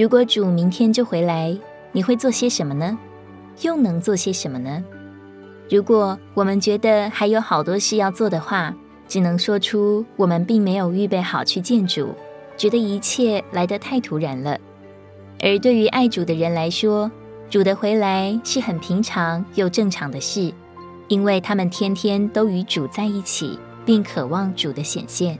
如果主明天就回來，你會做些什麼呢？又能做些什麼呢？如果我們覺得還有好多事要做的話，只能說出我們並沒有預備好去見主，覺得一切來得太突然了。而對於愛主的人來說，主的回來是很平常又正常的事，因為他們天天都與主在一起，並渴望主的顯現。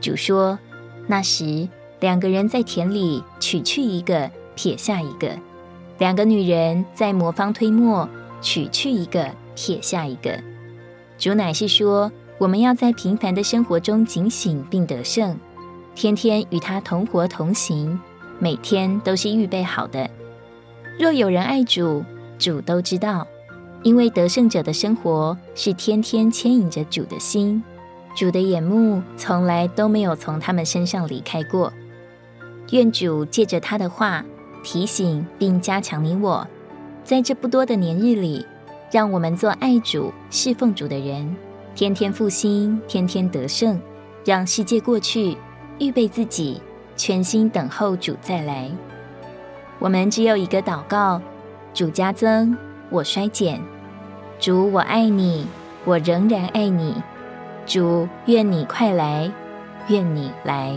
主說：“那時……”兩個人在田裡取去一個，撇下一個；兩個女人在磨坊推磨，取去一個，撇下一個。主乃是說，我們要在平凡的生活中警醒並得勝，天天與他同活同行，每天都是預備好的。若有人愛主，主都知道，因為得勝者的生活是天天牽引着主的心，主的眼目從來都沒有從他們身上離開過。願主借着他的話提醒並加強你我，在這不多的年日裡，讓我們做愛主、侍奉主的人，天天復興，天天得勝，讓世界過去，預備自己，全心等候主再來。我們只有一個禱告：主加增，我衰減，主我愛你，我仍然愛你，主願你快來，願你來。